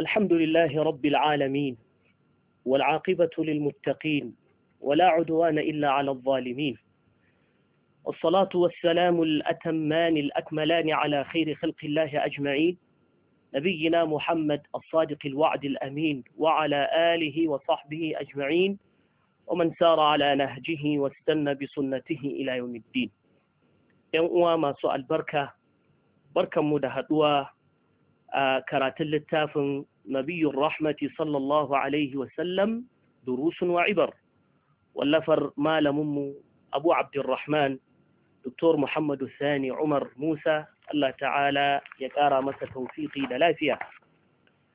الحمد لله رب العالمين والعاقبة للمتقين ولا عدوان إلا على الظالمين والصلاة والسلام الأتمان الأكملان على خير خلق الله أجمعين نبينا محمد الصادق الوعد الأمين وعلى آله وصحبه أجمعين ومن سار على نهجه واستنى بسنته إلى يوم الدين يوم ما سؤال بركة بركة مدهدوة آه، كراتل التافن نبي الرحمة صلى الله عليه وسلم دروس وعبر واللفر ما لمم أبو عبد الرحمن دكتور محمد الثاني عمر موسى Allah ta'ala ya ƙara masa taufiƙi da lafiya.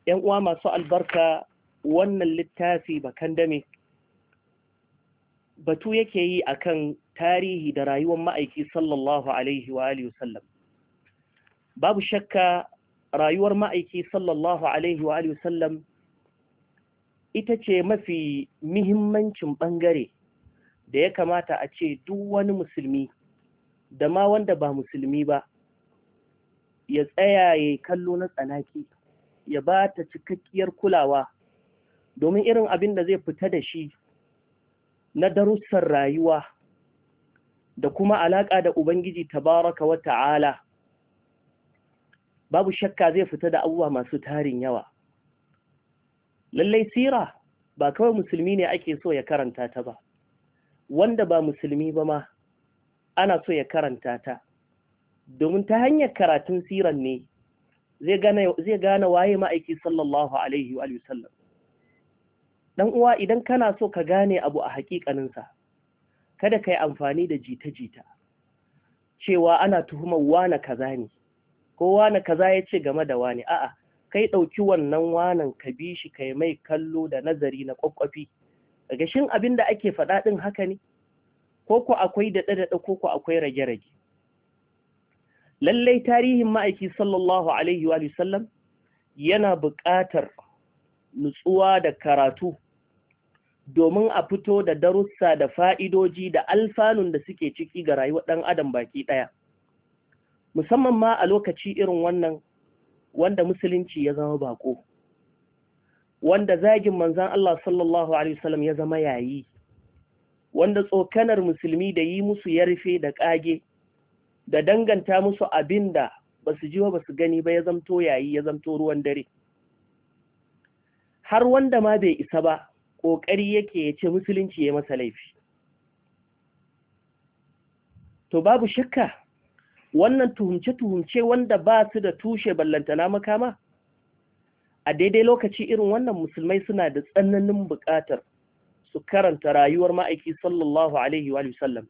‘Yan uwa masu albarka wannan littafi bakan dame, batu yake yi akan tarihi da rayuwar ma'aiki sallallahu Alaihi wa Babu shakka rayuwar ma'aiki sallallahu alaihi wa sallam ita ce mafi muhimmancin ɓangare da ya kamata a ce duk wani musulmi da ma wanda ba musulmi ba ya tsaya ya kallo na tsanaki ya ba ta cikakkiyar kulawa domin irin abin da zai fita da shi na darussan rayuwa da kuma alaƙa da Ubangiji tabaraka wa ta'ala babu shakka zai fita da abubuwa masu tarin yawa lallai sira ba kawai musulmi ne ake so ya karanta ta ba wanda ba musulmi ba ma ana so ya karanta ta domin ta hanyar karatun siran ne zai gane waye ma'aiki sallallahu alaihi wa sallam dan uwa idan kana so ka gane abu a hakikaninsa kada ka yi amfani da jita-jita cewa ana tuhumar wane ka zane ko wane kaza ya ce game da wani a'a kai ɗauki wannan wanan ka bi shi kai mai kallo da nazari na ƙwaƙwafi daga shin abin da ake faɗa ɗin haka ne ko ku akwai daɗe-daɗe ko ku akwai rage-rage lallai tarihin ma'aiki sallallahu alaihi wa sallam yana buƙatar nutsuwa da karatu domin a fito da darussa da fa'idoji da alfanun da suke ciki ga rayuwar ɗan adam baki ɗaya musamman ma a lokaci irin wannan wanda musulunci ya zama bako wanda zagin manzan Allah sallallahu alaihi wasallam ya zama yayi wanda tsokanar musulmi da yi musu ya rufe da ƙage da danganta musu abin abinda su ji ba su gani ba ya zamto yayi ya zamto ruwan dare har wanda ma bai isa ba ƙoƙari yake ya ce musulunci ya masa laifi to babu shakka wannan tuhumce-tuhumce wanda ba su da tushe ballantana makama a daidai lokaci irin wannan musulmai suna da tsananin buƙatar su karanta rayuwar ma'aiki sallallahu alaihi wa sallam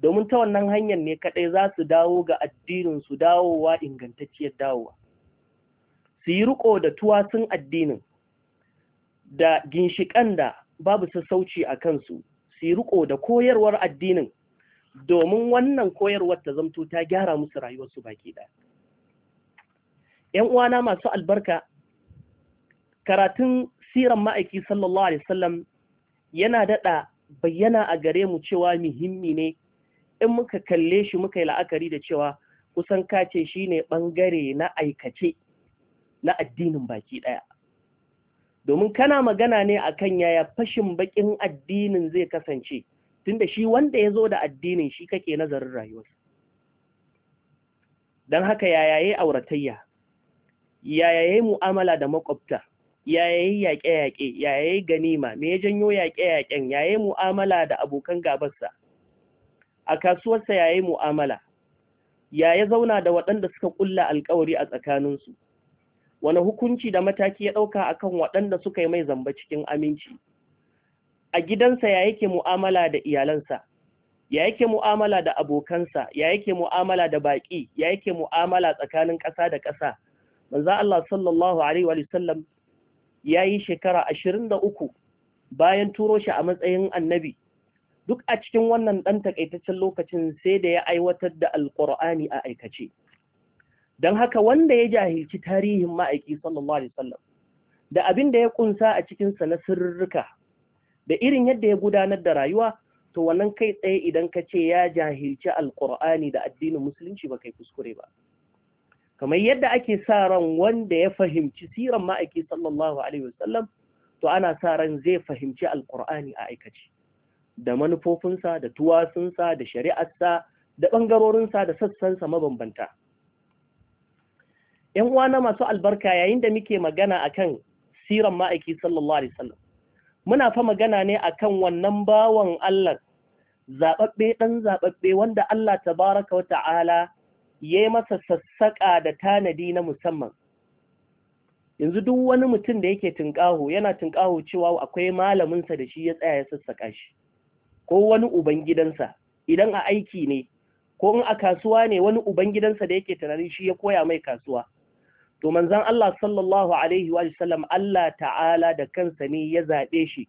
domin ta wannan hanyar ne kaɗai za su dawo ga addinin su dawowa ingantacciyar dawowa su yi riko da tuwatsun addinin da ginshiƙan da babu sassauci a kansu su yi riko da koyarwar addinin domin wannan koyarwar ta zamto ta gyara musu rayuwarsu baki ɗaya. ‘Yan uwana masu albarka, karatun siran ma'aiki sallallahu Alaihi wasallam yana daɗa bayyana a gare mu cewa muhimmi ne in muka kalle shi muka yi la'akari da cewa kusan kace shi ne ɓangare na aikace na addinin baki ɗaya. Domin kana magana ne akan yaya fashin baƙin addinin zai kasance. tunda shi wanda ya zo da addinin shi kake nazarin rayuwarsa don haka yayaye auratayya yayaye mu'amala da makwabta yayaye yaƙe-yaƙe yayaye ganima me ya janyo yaƙe-yaƙen yayaye mu'amala da abokan gabarsa a kasuwarsa yayaye mu'amala yaya zauna da waɗanda suka ƙulla alƙawari a tsakaninsu wani hukunci da mataki ya ɗauka akan waɗanda suka yi mai zamba cikin aminci a gidansa ya yake mu'amala da iyalansa ya yake mu'amala da abokansa ya yake mu'amala da baƙi ya yake mu'amala tsakanin ƙasa da ƙasa manzo Allah sallallahu alaihi wa sallam yayi shekara 23 bayan turo shi a matsayin annabi duk a cikin wannan dan takaitaccen lokacin sai da ya aiwatar da alqur'ani a aikace dan haka wanda ya jahilci tarihin ma'aiki sallallahu alaihi wasallam da abin da ya kunsa a cikinsa na sirrika da irin yadda ya gudanar da rayuwa to wannan kai tsaye idan ka ce ya jahilci alkur'ani da addinin musulunci ba kai kuskure ba kamar yadda ake sa ran wanda ya fahimci siran ma'aiki sallallahu alaihi wasallam to ana sa ran zai fahimci alkur'ani a aikace da manufofinsa da tuwasunsa da shari'arsa da ɓangarorinsa da sassansa mabambanta ‘yan uwa na masu albarka yayin da muke magana akan siran ma'aiki sallallahu alaihi wasallam muna fa magana ne a kan wannan bawan Allah zaɓaɓɓe ɗan zaɓaɓɓe wanda Allah Ta baraka wa ta'ala ya yi masa sassaƙa da tanadi na musamman yanzu duk wani mutum da yake tunƙaho yana tunƙaho cewa akwai malaminsa da shi ya tsaya ya sassaƙa shi ko wani ubangidansa idan a aiki ne ko in a kasuwa ne wani ubangidansa da yake tunanin shi ya koya mai kasuwa to manzon Allah sallallahu alaihi wa sallam Allah ta'ala da kansa ne ya zaɓe shi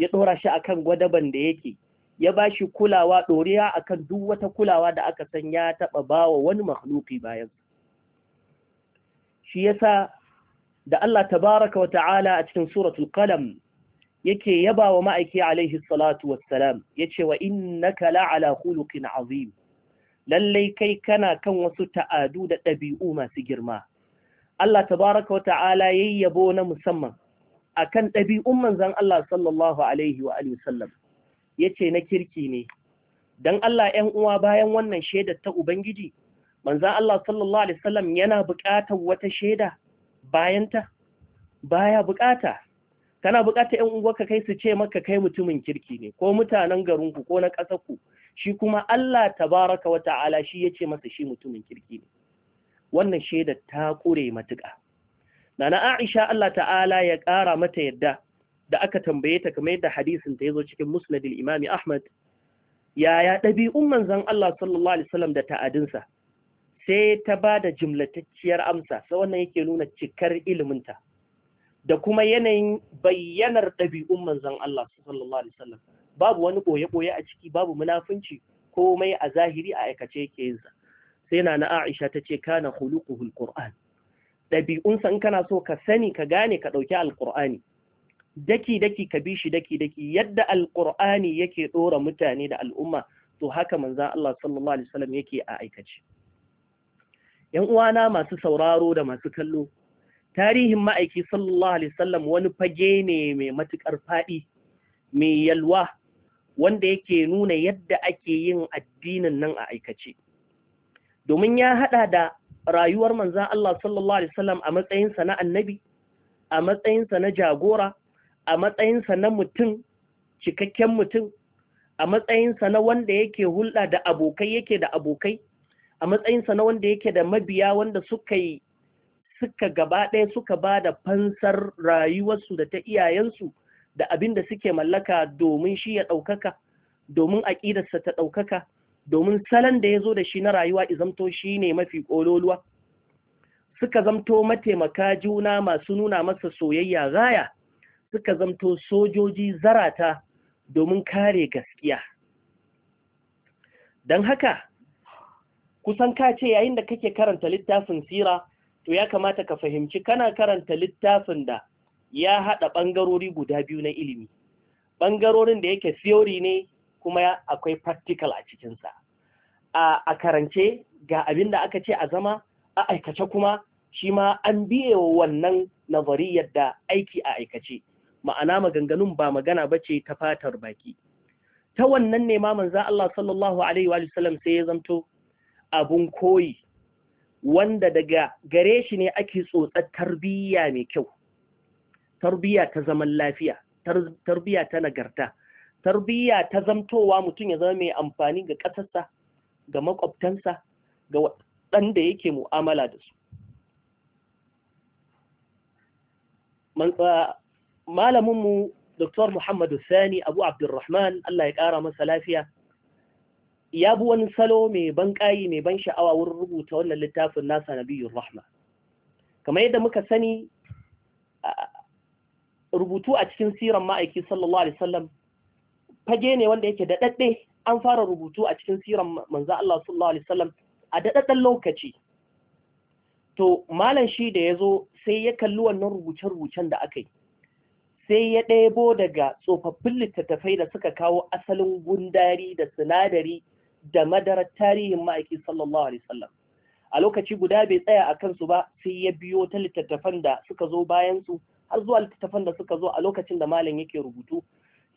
ya ɗora shi akan gwadaban da yake ya ba shi kulawa doriya akan duk wata kulawa da aka san ya taba wa wani makhluki bayan shi yasa da Allah tabaraka wa ta'ala a cikin suratul qalam yake yaba wa ma'aiki alaihi salatu wassalam yace wa innaka la'ala khuluqin azim lallai kai kana kan wasu ta'adu da ɗabi'u masu girma Allah tabaraka wa ta'ala yayi yabo na musamman a akan ɗabi'un manzon Allah sallallahu alaihi wa alihi wasallam yace na kirki ne don Allah ƴan uwa bayan wannan shaidar ta ubangiji Manzan Allah sallallahu alaihi wasallam yana buƙatar wata shaida bayan ta baya buƙata kana ‘yan ƴan ka kai su ce maka kai mutumin kirki ne ko mutanen garinku ko na ƙasarku shi kuma Allah tabaraka wa ta'ala shi ce masa shi mutumin kirki ne wannan shaida ta kure matuƙa nana Aisha Allah ta'ala ya ƙara mata yadda da aka tambaye ta kamar yadda hadisin ta yazo cikin musnadil imami Ahmad yaya ɗabi'un manzon Allah sallallahu alaihi wasallam da ta'adinsa sai ta ba da jimlatacciyar amsa sai wannan yake nuna cikar iliminta da kuma yanayin bayyanar ɗabi'un manzon Allah sallallahu alaihi wasallam babu wani ɓoye-ɓoye a ciki babu munafunci komai a zahiri a aikace yake yinsa sai na Aisha ta ce kana khuluquhul Qur'an ɗabi'unsa in kana so ka sani ka gane ka ɗauki alƙur'ani daki daki ka bi shi daki daki yadda alƙur'ani yake ɗora mutane da al'umma to haka manzan Allah sallallahu alaihi wasallam yake a aikace yan uwana masu sauraro da masu kallo tarihin ma'aiki sallallahu alaihi wasallam wani fage ne mai matukar faɗi mai yalwa wanda yake nuna yadda ake yin addinin nan a aikace domin ya haɗa da rayuwar manzan Allah sallallahu Alaihi wasallam a matsayinsa na annabi, a matsayinsa na jagora, a matsayinsa na mutum, cikakken mutum, a matsayinsa na wanda yake hulɗa da abokai yake da abokai, a matsayinsa na wanda yake da mabiya wanda suka yi suka gaba ɗaya suka ba da fansar rayuwarsu da ta iyayensu da abin da suke mallaka domin shi ya ɗaukaka, domin aƙidarsa ta ɗaukaka. domin salon da ya zo da shi na rayuwa izamto shi ne mafi ƙololuwa suka zamto mataimaka juna masu nuna masa soyayya gaya suka zamto sojoji zarata domin kare gaskiya don haka kusan ka ce yayin da kake karanta littafin sira to ya kamata ka fahimci kana karanta littafin da ya haɗa ɓangarori guda biyu na ilimi ɓangarorin da yake theory ne kuma akwai practical a cikinsa a karance ga abin da aka ce a zama a aikace kuma shi ma an biye wa wannan nazariyar yadda aiki a aikace ma'ana maganganun ba magana ba ce ta fatar baki ta wannan ne ma za Allah sallallahu alaihi wa sallam sai ya zamto abun koyi wanda daga gare shi ne ake tsotsar tarbiyya mai kyau tarbiyya ta zaman lafiya tarbiyya ta nagarta tarbiyya ta zamtowa mutum ya zama mai amfani ga ƙasarsa ga makwabtansa ga waɗanda yake mu'amala da su malaminmu Dr. Muhammadu Sani Abu Abdulrahman Allah ya ƙara masa lafiya ya bi wani salo mai ban ƙayi mai ban sha'awa wurin rubuta wannan littafin nasa na biyun rahma kamar yadda muka sani rubutu a cikin siran ma'aiki sallallahu alaihi wasallam fage ne wanda yake daɗaɗɗe an fara rubutu a cikin siran manzo Allah sallallahu alaihi wasallam a daɗaɗɗen lokaci to malam shi da ya zo sai ya kalli wannan rubuce-rubucen da aka yi sai ya ɗebo daga tsofaffin littattafai da suka kawo asalin gundari da sinadari da madarar tarihin ma'aiki sallallahu alaihi wasallam a lokaci guda bai tsaya a kansu ba sai ya biyo ta littattafan da suka zo bayansu har zuwa littattafan da suka zo a lokacin da malam yake rubutu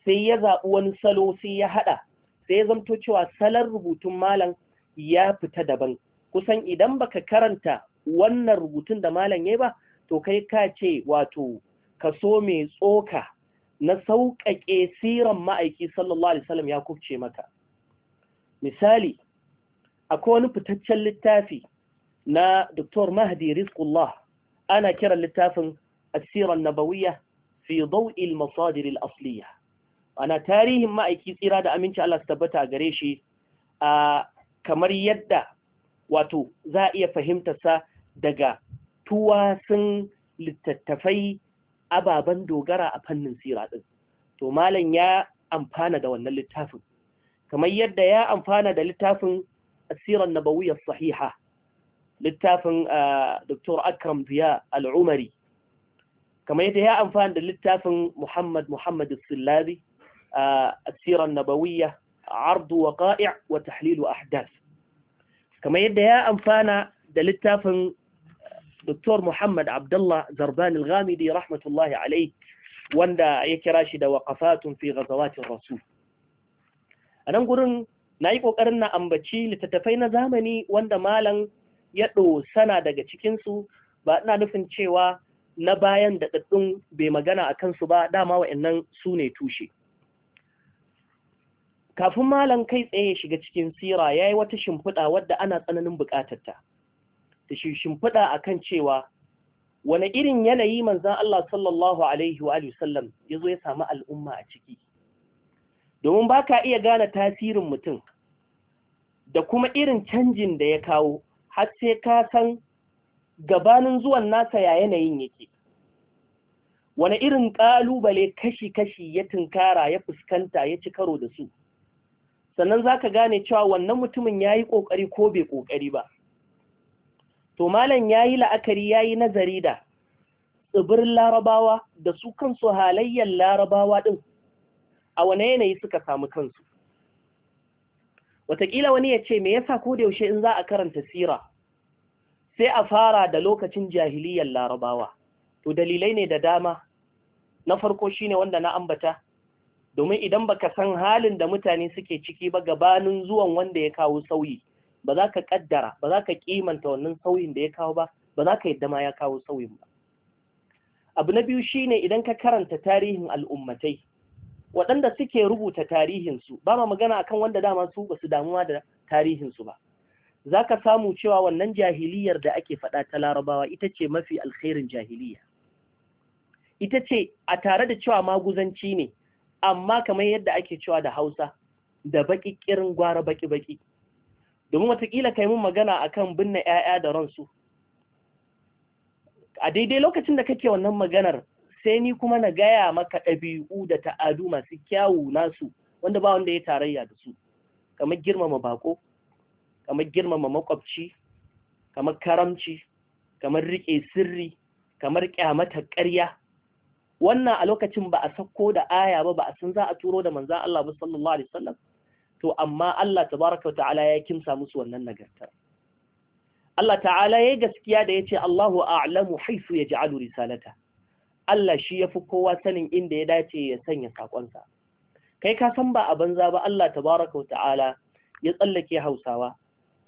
sai ya zaɓi wani salo sai ya haɗa sai ya zamto cewa salon rubutun malam ya fita daban kusan idan baka karanta wannan rubutun da malam ya ba to kai ka ce wato kaso mai tsoka na sauƙaƙe siran ma'aiki sallallahu alaihi wasallam ya kubce maka misali akwai wani fitaccen littafi na Dr. Mahdi Rizqullah ana kiran littafin asiran nabawiyya fi daw'il masadir al-asliyah ana tarihin ma'aiki tsira da aminci Allah su tabbata a gare shi a kamar yadda wato za a iya fahimtarsa daga sun littattafai ababen dogara a fannin sira ɗin to malam ya amfana da wannan littafin kamar yadda ya amfana da littafin asirar nabawiyar sahiha littafin Dr. Akram Biya al'umari kamar yadda ya amfana da littafin Muhammad Muhammad Sillabi a nabawiyya النبوية عرض وقائع wa tahlilu ahdas يدى yadda ya amfana da محمد عبد muhammad زربان الغامدي رحمة الله عليه wanda ya kira shi da waƙafatun fi ghazawatin rasul a nan gurin na yi ƙoƙarin na ambaci littattafai na zamani wanda malam ya sana daga cikinsu ba ina nufin cewa na bayan da ɗaɗɗun bai magana a kansu ba dama wa'annan su ne tushe kafin malam kai tsaye shiga cikin sira ya yi wata shimfiɗa wadda ana tsananin buƙatarta ta shi shimfiɗa a kan cewa wani irin yanayi manzan Allah sallallahu Alaihi wa sallam ya zo ya samu al'umma a ciki domin ba ka iya gane tasirin mutum da kuma irin canjin da ya kawo har sai ka san gabanin zuwan nasa ya yanayin yake Wani irin ƙalubale kashi-kashi ya tunkara ya fuskanta ya ci karo da su sannan za ka gane cewa wannan mutumin ya yi ƙoƙari ko bai ƙoƙari ba to malam ya yi la'akari ya yi nazari da tsibirin larabawa da su kansu halayyar larabawa ɗin a wane yanayi suka samu kansu Wataƙila wani ya ce me yasa ko da yaushe in za a karanta sira sai a fara da lokacin jahiliyar larabawa to dalilai ne da dama na farko shine wanda na ambata domin idan baka san halin da mutane suke ciki ba gabanin zuwan wanda ya kawo sauyi ba za ka kaddara ba za ka kimanta wannan sauyin da ya kawo ba ba za ka yadda ma ya kawo sauyin ba abu na biyu shine idan ka karanta tarihin al'ummatai waɗanda suke rubuta tarihinsu ba ma magana akan wanda dama su ba su damuwa da tarihinsu ba za ka samu cewa wannan jahiliyar da ake faɗa ta larabawa ita ce mafi alkhairin jahiliya ita ce a tare da cewa maguzanci ne amma kamar yadda ake cewa da hausa da baki kirin gwara baki baki domin watakila kai mun magana a kan binne 'ya'ya da ransu a daidai lokacin da kake wannan maganar sai ni kuma na gaya maka ɗabi'u da ta'adu masu kyawu nasu wanda ba wanda ya tarayya da su kamar girmama bako kamar girmama makwabci kamar karamci kamar riƙe sirri kamar ƙyamata ƙarya wannan a lokacin ba a sako da aya ba ba a san za a turo da manzan Allah ba sallallahu alaihi wasallam to amma Allah tabaraka ta'ala ya kimsa musu wannan nagarta. Allah ta'ala yayi gaskiya da yace Allahu a'lamu haythu yaj'alu risalata Allah shi yafi kowa sanin inda ya dace ya sanya sakonsa kai ka san ba a banza ba Allah tabaraka ta'ala ya tsallake Hausawa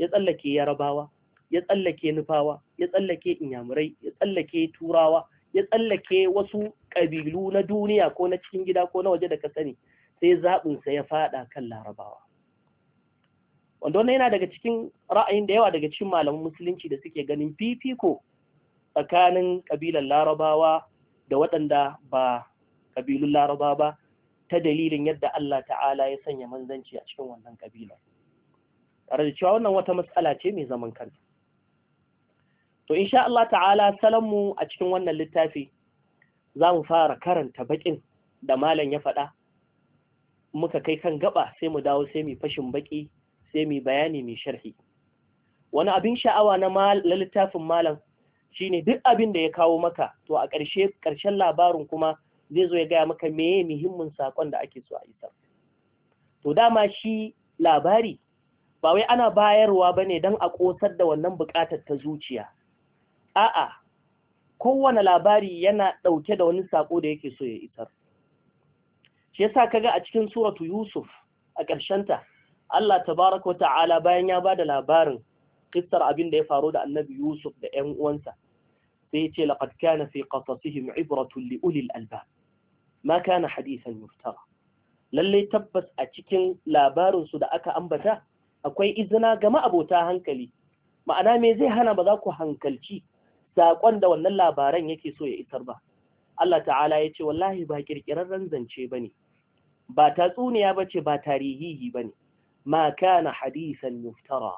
ya tsallake Yarabawa ya tsallake Nufawa ya tsallake Inyamurai ya tsallake Turawa ya tsallake wasu ƙabilu na duniya ko na cikin gida ko na waje da ka sani sai zaɓinsa ya faɗa kan larabawa wanda wannan yana daga cikin ra'ayin da yawa daga cikin malaman musulunci da suke ganin fifiko tsakanin ƙabilar larabawa da waɗanda ba ƙabilun laraba ba ta dalilin yadda Allah ta'ala ya sanya manzanci a cikin wannan ƙabilar tare da cewa wannan wata matsala ce mai zaman kanta to insha Allah ta'ala mu a cikin wannan littafi za mu fara karanta baƙin da malam ya faɗa muka kai kan gaba sai mu dawo sai mu fashin baƙi sai mu bayani mai sharhi wani abin sha'awa na littafin malam shine duk abin da ya kawo maka to a ƙarshe ƙarshen labarin kuma zai zo ya gaya maka meye muhimmin saƙon da ake so a isa. to dama shi labari ba wai ana bayarwa bane don a ƙosar da wannan buƙatar ta zuciya a'a kowane labari yana ɗauke da wani sako da yake so ya isar shi yasa kaga a cikin suratu yusuf a ta, Allah tabaraka Ta'ala, bayan ya bada labarin kissar abin da ya faru da annabi yusuf da ƴan uwansa sai ya ce laqad kana fi qasasihim ibratu li ulil albab ma kana hadisan muftara lalle tabbas a cikin labarin su da aka ambata akwai izina ga ma'abota hankali ma'ana me zai hana ba za ku hankalci saƙon da wannan labaran yake so ya isar ba Allah ta'ala ya ce wallahi ba ƙirƙirarren zance ba ne ba tatsuniya ba ce ba tarihihi ba ne ma kana hadisan yuftara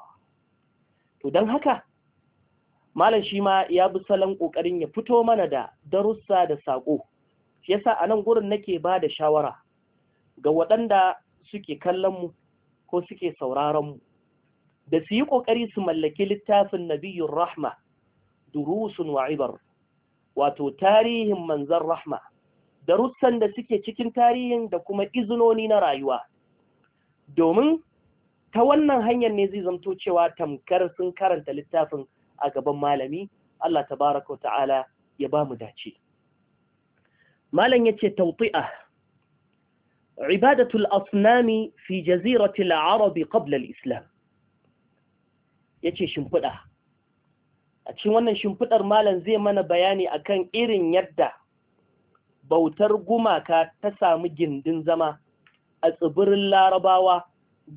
to don haka malam shi ma ya bi salon ƙoƙarin ya fito mana da darussa da saƙo shi yasa a nan gurin nake ba da shawara ga waɗanda suke kallon mu ko suke sauraron mu da su yi ƙoƙari su mallaki littafin nabiyyun rahma durusun wa ibar wato tarihin manzan rahma darussan da suke cikin tarihin da kuma izinoni na rayuwa domin ta wannan hanyar ne zai zamto cewa tamkar sun karanta littafin a gaban malami Allah tabaraka ta'ala ya bamu dace malam yace tawti'a ibadatul asnami fi jaziratil arab qabla al-islam yace shimfiɗa. a cikin wannan shimfiɗar malam zai mana bayani akan irin yadda bautar gumaka ta samu gindin zama a tsibirin larabawa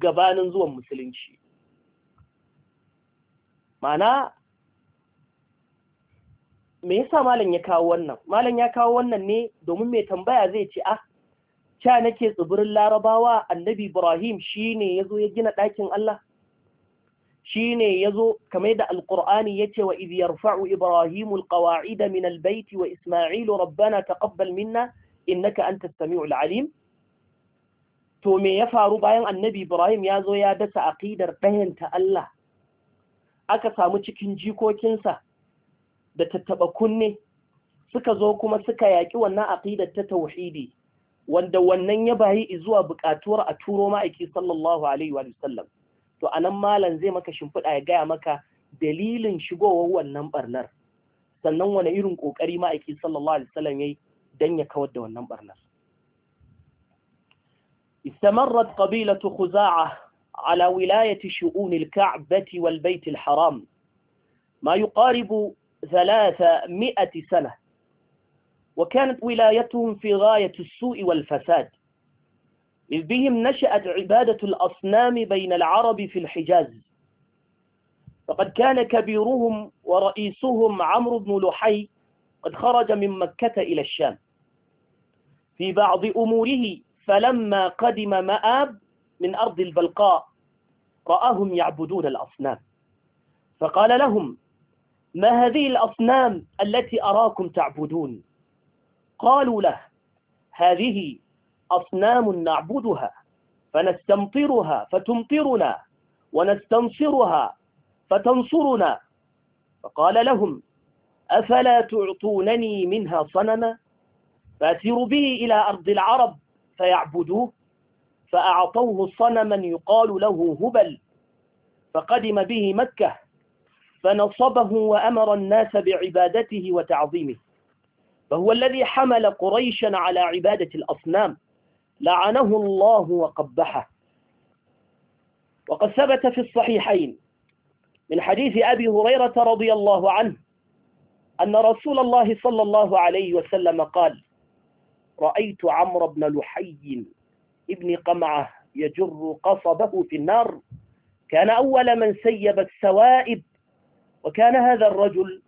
gabanin zuwan musulunci mana me yasa malam ya kawo wannan malam ya kawo wannan ne domin mai tambaya zai ce ah cha nake tsibirin larabawa annabi ibrahim shine yazo ya gina ɗakin allah shine yazo kamar da alqur'ani yace wa idh yarfa'u ibrahimu alqawa'ida min albayt wa isma'ilu rabbana taqabbal minna innaka antas samiul alim to me ya faru bayan annabi ibrahim yazo ya dasa aqidar dayanta Allah aka samu cikin jikokinsa da tattaba kunne suka zo kuma suka yaki wannan aqidar ta tauhidi wanda wannan ya bayi zuwa buƙatuwar a turo ma'aiki sallallahu alaihi wa sallam to anan malam zai maka shimfiɗa ya gaya maka dalilin shigowar wannan barnar sannan wani irin ƙoƙari ma'aiki sallallahu alaihi wasallam yayi dan ya kawar da wannan barnar استمرت قبيلة خزاعة على ولاية شؤون الكعبة والبيت الحرام ما يقارب ثلاثمائة سنة وكانت ولايتهم في غاية السوء والفساد إذ بهم نشأت عبادة الأصنام بين العرب في الحجاز فقد كان كبيرهم ورئيسهم عمرو بن لحي قد خرج من مكة إلى الشام في بعض أموره فلما قدم مآب من أرض البلقاء رآهم يعبدون الأصنام فقال لهم ما هذه الأصنام التي أراكم تعبدون قالوا له هذه أصنام نعبدها فنستمطرها فتمطرنا ونستنصرها فتنصرنا فقال لهم أفلا تعطونني منها صنما فأسير به إلى أرض العرب فيعبدوه فأعطوه صنما يقال له هبل فقدم به مكة فنصبه وأمر الناس بعبادته وتعظيمه فهو الذي حمل قريشا على عبادة الأصنام لعنه الله وقبحه وقد ثبت في الصحيحين من حديث أبي هريرة رضي الله عنه أن رسول الله صلى الله عليه وسلم قال رأيت عمرو بن لحي ابن قمعة يجر قصبه في النار كان أول من سيب السوائب وكان هذا الرجل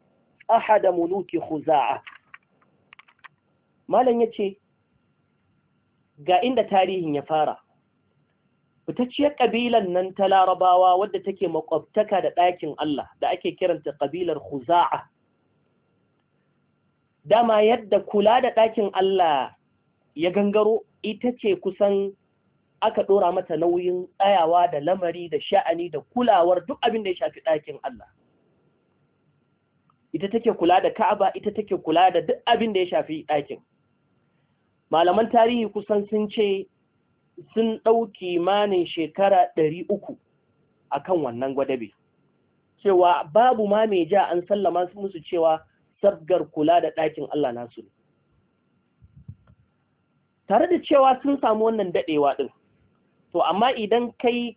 أحد ملوك خزاعة ما لن يتشي ga inda tarihin ya fara fitacciyar ƙabilan nan ta larabawa wadda take makwabtaka da ɗakin Allah da ake kiranta ƙabilar huza'a dama yadda kula da ɗakin Allah ya gangaro ita ce kusan aka ɗora mata nauyin tsayawa da lamari da sha'ani da kulawar duk abin da ya shafi ɗakin Allah ita take kula da Ka'aba ita take kula da duk abin da ya shafi ɗakin malaman tarihi kusan sun ce sun ɗauki manin shekara ɗari uku a kan wannan gwadabe cewa babu ma mai ja an sallama musu cewa sabgar kula da ɗakin Allah nasu ne tare da cewa sun samu wannan daɗewa ɗin to amma idan kai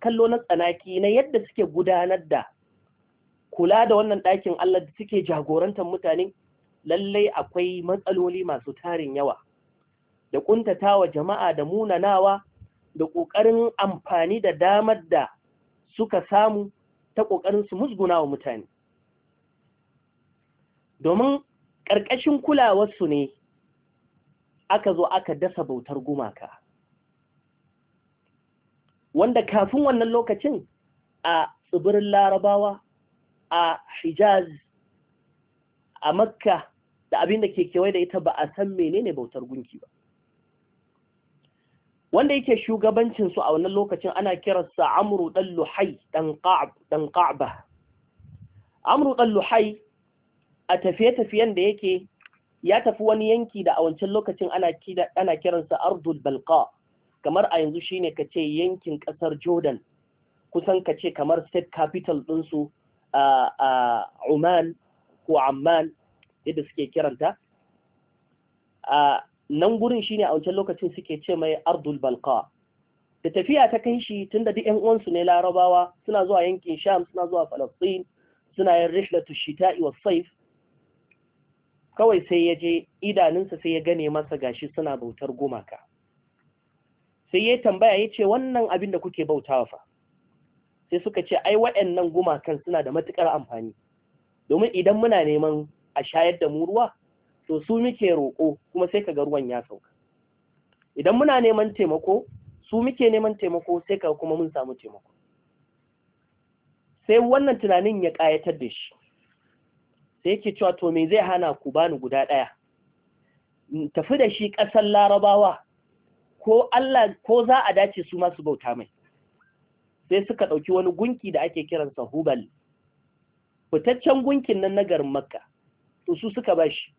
kallo na tsanaki na yadda suke gudanar da kula da wannan ɗakin Allah da suke jagorantar mutane lallai akwai matsaloli masu tarin yawa da ƙuntatawa jama'a da munanawa da ƙoƙarin amfani da damar da suka samu ta ƙoƙarin su musguna wa mutane domin ƙarƙashin kulawarsu ne aka zo aka dasa bautar gumaka wanda kafin wannan lokacin a tsibirin larabawa a hijaz a makka da abin da ke kewaye da ita ba a san menene bautar gunki ba wanda yake shugabancin su a wannan lokacin ana kiransa amru dan luhai dan qa'b dan amru dan luhai a tafiye-tafiyen da yake ya tafi wani yanki da a wancan lokacin ana ana kiransa ardul balqa kamar a yanzu shine kace yankin kasar jordan kusan kace kamar state capital din su a Oman ko Amman yadda suke kiranta nan gurin shine a wancan lokacin suke ce mai ardul balqa da tafiya ta kai shi tunda duk ɗan uwansu ne larabawa suna zuwa yankin sham suna zuwa falastin suna yin rihlatu shita'i wa saif kawai sai ya je idanunsa sai ya gane masa gashi suna bautar gumaka sai ya tambaya ya ce wannan abin da kuke bautawa fa sai suka ce ai waɗannan gumakan suna da matuƙar amfani domin idan muna neman a shayar da mu ruwa to su muke roƙo kuma sai kaga ruwan ya sauka idan muna neman taimako su muke neman taimako sai kaga kuma mun samu taimako sai wannan tunanin ya ƙayatar da shi sai yake cewa to me zai hana ku bani guda ɗaya tafi da shi ƙasar larabawa ko Allah ko za a dace su masu bauta mai sai suka ɗauki wani gunki da ake kiransa hubal fitaccen gunkin nan na garin makka to su suka bashi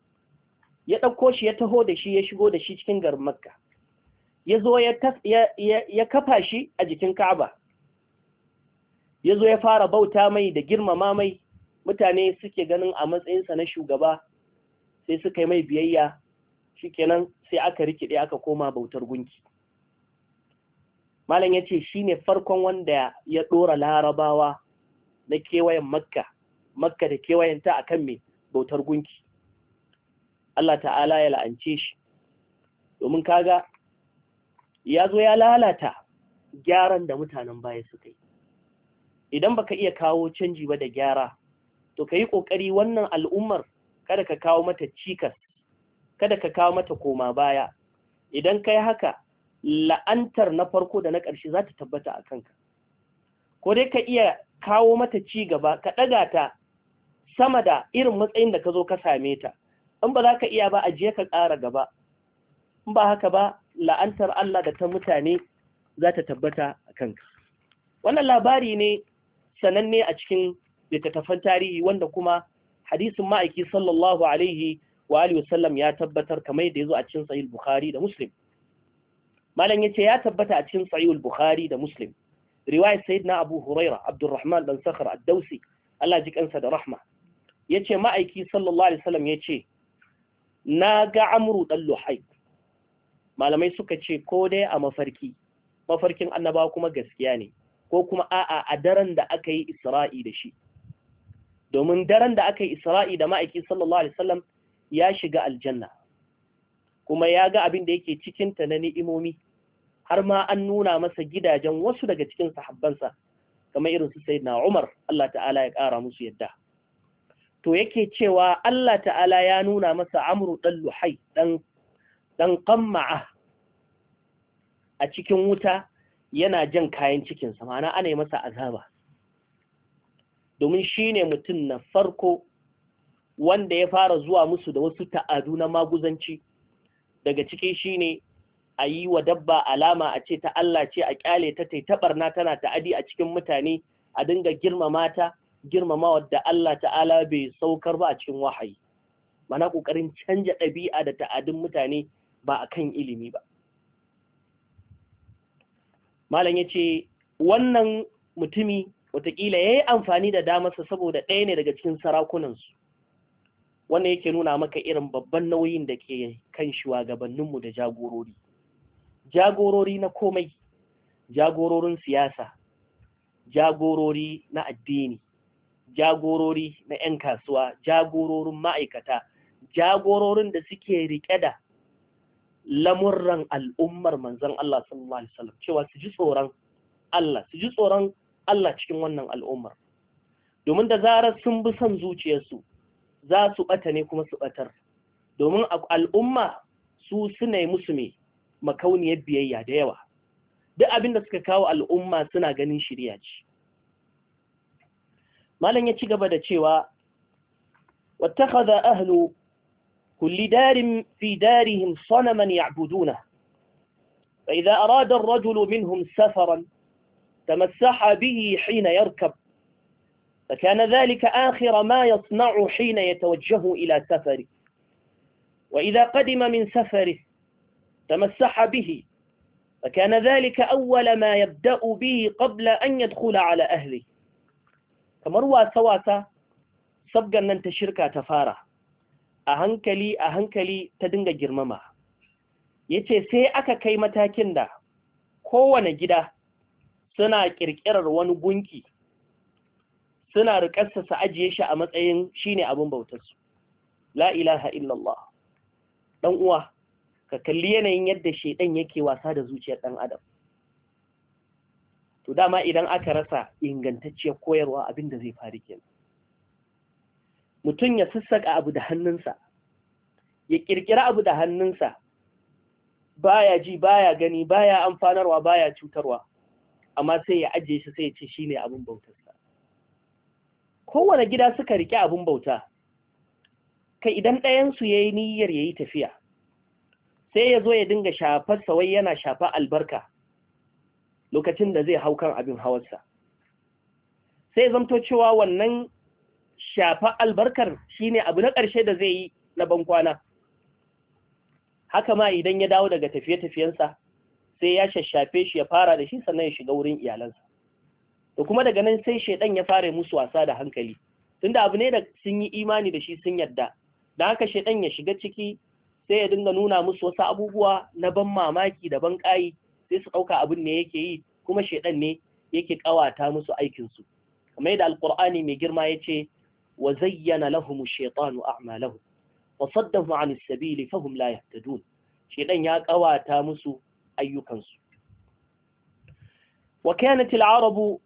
ya ɗauko shi ya taho da shi ya shigo da shi cikin garin makka ya zo ya kafa shi a jikin ka'aba ya zo ya fara bauta mai da girmama mai mutane suke ganin a matsayinsa na shugaba sai suka yi mai biyayya kenan sai aka rikide aka koma bautar gunki malam ya ce shi ne farkon wanda ya ɗora larabawa na kewayen makka makka da kewayenta a kan mai bautar gunki Allah ta'ala ya la'ance shi domin kaga ya zo ya lalata gyaran da mutanen baya suka yi idan baka iya kawo canji ba da gyara to ka yi wannan al'ummar kada ka kawo mata cikas kada ka kawo mata koma baya idan ka haka la'antar na farko da na ƙarshe za ta tabbata a kanka ko dai ka iya kawo mata ci gaba ka ɗaga ta sama da irin matsayin da ka zo ka same ta in ba za ka iya ba ajiye ka ƙara gaba in ba haka ba la'antar Allah da ta mutane za ta tabbata a kanka wannan labari ne sananne a cikin littattafan tarihi wanda kuma hadisin ma'aiki sallallahu alaihi wa alihi wasallam ya tabbatar kamar yadda yazo a cikin sahih bukhari da muslim malam yace ya tabbata a cikin sahih bukhari da muslim riwayat sayyidina abu huraira abdurrahman dan sakhar ad-dausi Allah ji kansa da rahma yace ma'aiki sallallahu alaihi wasallam yace na ga amru ɗan luhai malamai suka ce ko dai a mafarki mafarkin annaba kuma gaskiya ne ko kuma a'a a daren da aka yi isra'i da shi domin daren da aka yi isra'i da ma'aiki sallallahu alaihi wasallam ya shiga aljanna kuma ya ga abin da yake cikin ta na ni'imomi har ma an nuna masa gidajen wasu daga cikin sahabbansa kamar irin su sayyidina Umar Allah ta'ala ya kara musu yadda to yake cewa Allah ta'ala ya nuna masa amru ɗan luhai ɗan ƙamma'a a cikin wuta yana jan kayan cikinsa mana ana masa azaba domin shi ne mutum na farko wanda ya fara zuwa musu da wasu ta'adu na maguzanci daga ciki shi ne a yi wa dabba alama a ce ta Allah ce a kyale ta ta'i!" na tana ta'adi a cikin mutane a dinga girmama ta girmamawa da Allah ta'ala bai saukar ba a cikin wahayi mana ƙoƙarin canja ɗabi'a da ta'adin mutane ba a kan ilimi ba malam ya ce wannan mutumi watakila ya yi amfani da damarsa saboda ɗaya ne daga cikin sarakunansu wannan yake nuna maka irin babban nauyin da ke kan shugabanninmu da jagorori jagorori na komai jagororin siyasa jagorori na addini jagorori na 'yan kasuwa jagororin ma'aikata jagororin da suke riƙe da lamurran al'ummar manzan Allah sallallahu Alaihi wasallam cewa su ji tsoron Allah su ji tsoron Allah cikin wannan al'ummar domin da zarar sun bi son zuciyarsu za su ɓata ne kuma su ɓatar domin al'umma su suna yi musu mai makauniyar biyayya da yawa duk abin da suka kawo al'umma suna ganin shirya ce malam ya ci gaba da cewa wattakhadha ahlu kulli darin fi darihim sanaman ya'buduna fa idha arada ar-rajulu minhum safaran tamassaha bihi hina yarkab fa kana فكان ذلك آخر ما يصنع حين يتوجه إلى سفره وإذا قدم من سفره تمسح به فكان ذلك أول ما يبدأ به قبل أن يدخل على أهله kamar wasa-wasa sabgan nan ta shirka ta fara a hankali a hankali ta dinga girmama ya ce sai aka kai matakin da kowane gida suna ƙirƙirar wani gunki suna rikarsa su ajiye shi a matsayin shine ne abin bautarsu la ilaha illallah ɗan uwa ka kalli yanayin yadda shaidan yake wasa da zuciyar ɗan adam to dama idan aka rasa ingantacciyar koyarwa abin da zai faru kenan mutum ya sassaka abu da hannunsa ya kirkira abu da hannunsa baya ji baya gani baya amfanarwa baya cutarwa amma sai ya ajiye shi sai ya ce shi ne abin bautarsa kowane gida suka rike abin bauta Ka idan ɗayansu ya yi niyyar ya yi tafiya sai ya zo ya dinga shafar wai yana shafa albarka lokacin da zai hau kan abin hawarsa sai zamto cewa wannan shafa albarkar shine abu na ƙarshe da zai yi na bankwana haka ma idan ya dawo daga tafiye-tafiyensa sai ya shashafe shi ya fara da shi sannan ya shiga wurin iyalansa da kuma daga nan sai shaidan ya fara musu wasa da hankali tunda abu ne da sun yi imani da shi sun yarda da haka shaidan ya shiga ciki sai ya dinga nuna musu wasu abubuwa na ban mamaki da ban ƙayi sai su ɗauka abin ne yake yi kuma shedan ne yake kawata musu aikin su kamar yadda alqur'ani mai girma yace wa zayyana lahumu shaytanu a'malahum wa saddahu an sabili fahum la yahtadun shedan ya kawata musu ayyukan su wa kanat al-arabu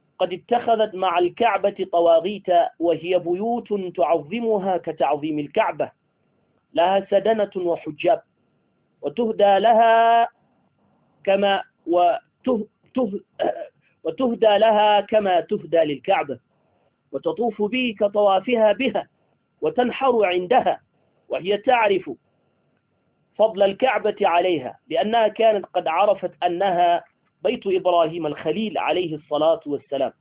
tawaghita wa hiya buyutun tu'azzimuha ka ta'zim al كتعظيم laha sadanatun wa hujjab وتهدى لها كما وتهدى لها كما تهدى للكعبة وتطوف به كطوافها بها وتنحر عندها وهي تعرف فضل الكعبة عليها لأنها كانت قد عرفت أنها بيت إبراهيم الخليل عليه الصلاة والسلام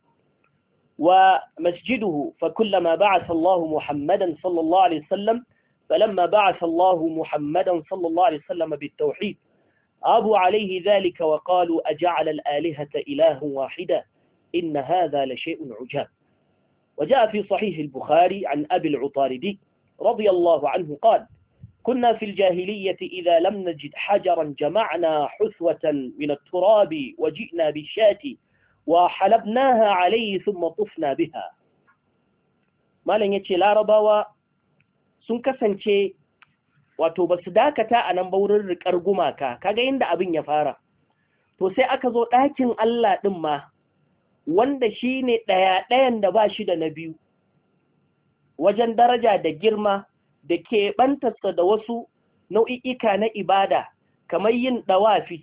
ومسجده فكلما بعث الله محمدا صلى الله عليه وسلم فلما بعث الله محمدا صلى الله عليه وسلم بالتوحيد أبوا عليه ذلك وقالوا أجعل الآلهة إله واحدة إن هذا لشيء عجاب وجاء في صحيح البخاري عن أبي العطاردي رضي الله عنه قال كنا في الجاهلية إذا لم نجد حجرا جمعنا حثوة من التراب وجئنا بالشاة وحلبناها عليه ثم طفنا بها ما لن يتي لارباوا sun kasance wato ba su dakata a nan ba wurin riƙar gumaka kaga inda abin ya fara to sai aka zo ɗakin Allah ɗin ma wanda shi ne ɗaya-ɗayan da ba shi da na biyu wajen daraja da girma da keɓantarsa da wasu nau'i'ika na ibada kamar yin ɗawafi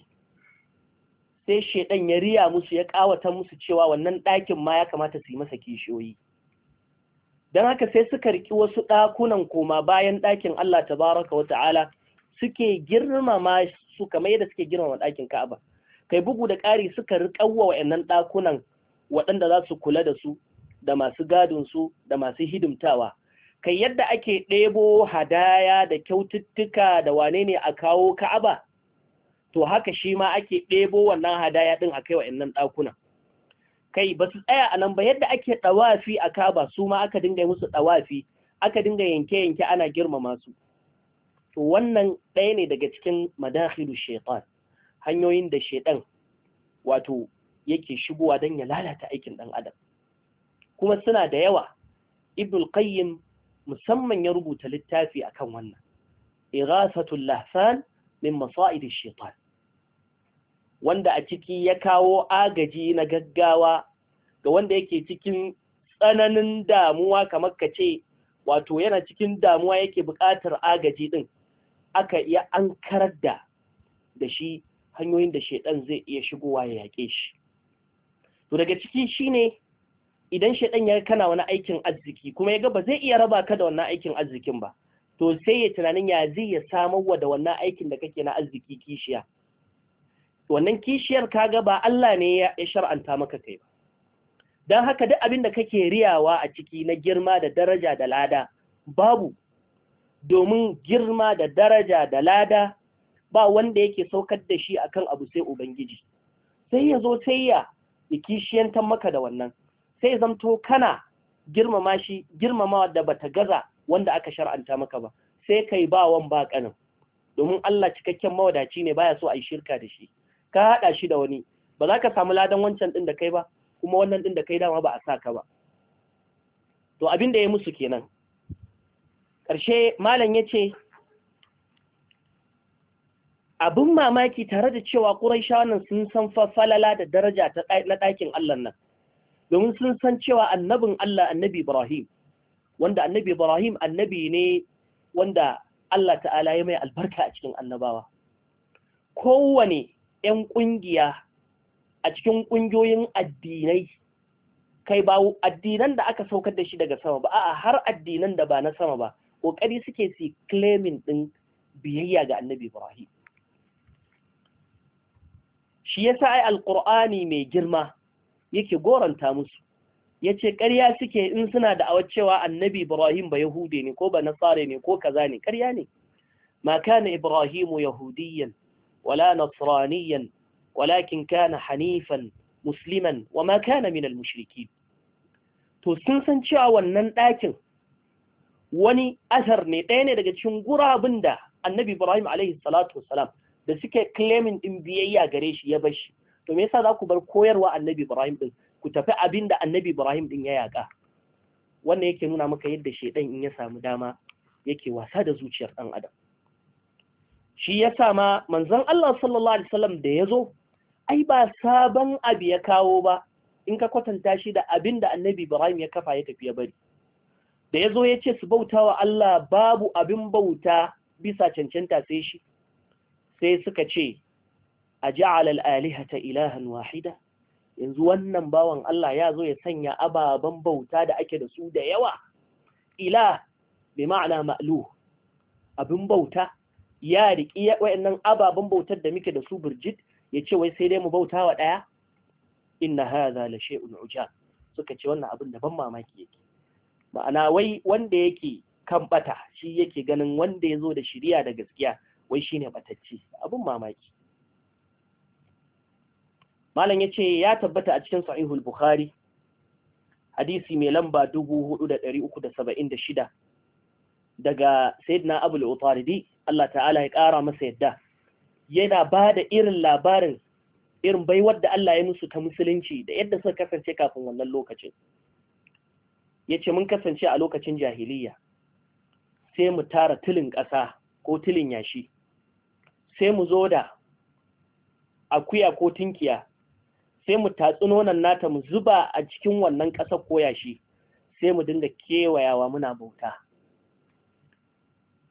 sai shaiɗan ya riya musu ya ƙawata musu cewa wannan ɗakin ma ya kamata su yi masa kishiyoyi don haka sai suka riki wasu ɗakunan koma bayan ɗakin Allah tabaraka wa ta'ala suke girmama su kamar yadda suke girmama ɗakin Ka'aba kai bugu da ƙari suka wa wa'annan ɗakunan waɗanda za su kula da su da masu gadon su da masu hidimtawa kai yadda ake ɗebo hadaya da kyaututtuka da wane ne a kawo Ka'aba to haka shi ma ake ɗebo wannan hadaya ɗin a kai wa'annan ɗakunan kai ba su tsaya a nan ba yadda ake ɗawafi a kaba su ma aka dinga musu ɗawafi aka dinga yanke-yanke ana girmama su to wannan ɗaya ne daga cikin madakhilu shaitan hanyoyin da shaitan wato yake shigowa don ya lalata aikin ɗan adam kuma suna da yawa ibnul qayyim musamman ya rubuta littafi akan wannan ighasatul lahsan min masa'id shaitan wanda a ciki ya kawo agaji na gaggawa ga wanda yake cikin tsananin damuwa kamar ka ce wato yana cikin damuwa yake buƙatar agaji ɗin aka iya an karar da da shi hanyoyin da shaidan zai iya shigowa ya yaƙe shi to daga ciki shine idan shaidan ya kana wani aikin arziki kuma ya ga ba zai iya raba ka da wannan aikin arzikin ba to sai ya tunanin ya zai ya samar wa da wannan aikin da kake na arziki kishiya wannan kishiyar kaga ba Allah ne ya shar'anta maka kai ba don haka duk abin da kake riyawa a ciki na girma da daraja da lada babu domin girma da daraja da lada ba wanda yake saukar da shi akan abu sai ubangiji sai ya zo sai ya kishiyantar maka da wannan sai zamto kana girmama shi girmama da bata gaza wanda aka shar'anta maka ba sai kai wan ba kanin domin Allah cikakken mawadaci ne baya so a yi shirka da shi ka haɗa shi da wani ba za ka samu ladan wancan ɗin da kai ba kuma wannan ɗin da kai dama ba a sa ka ba to abin da ya musu kenan ƙarshe malam ya ce abin mamaki tare da cewa ƙurai shawanan sun san falala da daraja na ɗakin Allah nan domin sun san cewa annabin Allah annabi Ibrahim wanda annabi Ibrahim annabi ne wanda Allah ta'ala ya mai albarka a cikin annabawa kowane ‘yan ƙungiya a cikin ƙungiyoyin addinai kai ba addinan da aka saukar da shi daga sama ba a har addinan da ba na sama ba ƙoƙari suke su claimin ɗin biyayya ga annabi ibrahim shi ya sa alƙur'ani mai girma yake goranta musu ya ce ƙarya suke in suna da awar cewa annabi ibrahim ba yahude ne ko ba nasare ne ko kaza ne ƙarya ne ma kana ibrahimu yahudiyyan ولا نصرانيا ولكن كان حنيفا مسلما وما كان من المشركين to sun san cewa wannan ɗakin wani asar ne ɗaya ne daga cikin gurabun da annabi ibrahim alaihi salatu wasalam da suke claimin ɗin biyayya gare shi ya bashi to me yasa za ku bar koyarwa annabi ibrahim ɗin ku tafi abin da annabi ibrahim ɗin ya yaƙa wannan yake nuna maka yadda shaiɗan in ya samu dama yake wasa da zuciyar ɗan adam shi ya sama manzan Allah sallallahu alaihi wasallam da ya zo ai ba sabon abu ya kawo ba in ka kwatanta shi da abin da annabi Ibrahim ya kafa ya tafi ya bari da ya zo ya ce su bauta wa Allah babu abin bauta bisa cancanta sai shi sai suka ce a ja'ala ta ilahan wahida yanzu wannan bawan Allah ya zo ya sanya ababen bauta da ake da su da yawa ila bi ma'ana ma'lu abin bauta ya riƙi waɗannan ababen bautar da muke da su burjit ya ce wai sai dai mu bauta wa ɗaya inna hadha la shay'un uja suka ce wannan abin da ban mamaki yake ma'ana wai wanda yake kan bata shi yake ganin wanda ya zo da shiriya da gaskiya wai shine batacce abin mamaki malam yace ya tabbata a cikin sahihul bukhari hadisi mai lamba 4376 daga sayyidina abul utaridi Allah ta'ala ya ƙara masa yadda yana ba da irin labarin irin bai wadda Allah ya musu ta musulunci da yadda suka kasance kafin wannan lokacin ya ce mun kasance a lokacin jahiliya sai mu tara tilin ƙasa ko tilin yashi sai mu zo da akuya ko tunkiya sai mu tatsi nonon nata mu zuba a cikin wannan ƙasar ko yashi sai mu dinga kewayawa muna bauta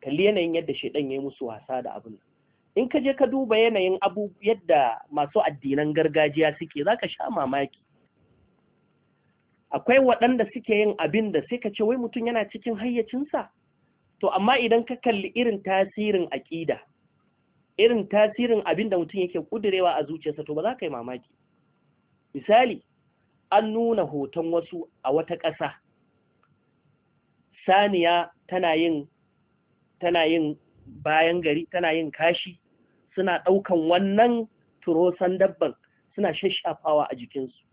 kalli yanayin yadda shaidan ya yi musu wasa da abin in ka je ka duba yanayin abu yadda masu addinan gargajiya suke za ka sha mamaki akwai waɗanda suke yin abin da sai ka ce wai mutum yana cikin hayyacinsa to amma idan ka kalli irin tasirin aƙida irin tasirin abin da mutum yake kudirewa a zuciyarsa to ba za ka yi mamaki misali an nuna hoton wasu a wata ƙasa saniya tana yin tana yin bayan gari tana yin kashi suna ɗaukan wannan turosan dabban suna shashafawa a jikinsu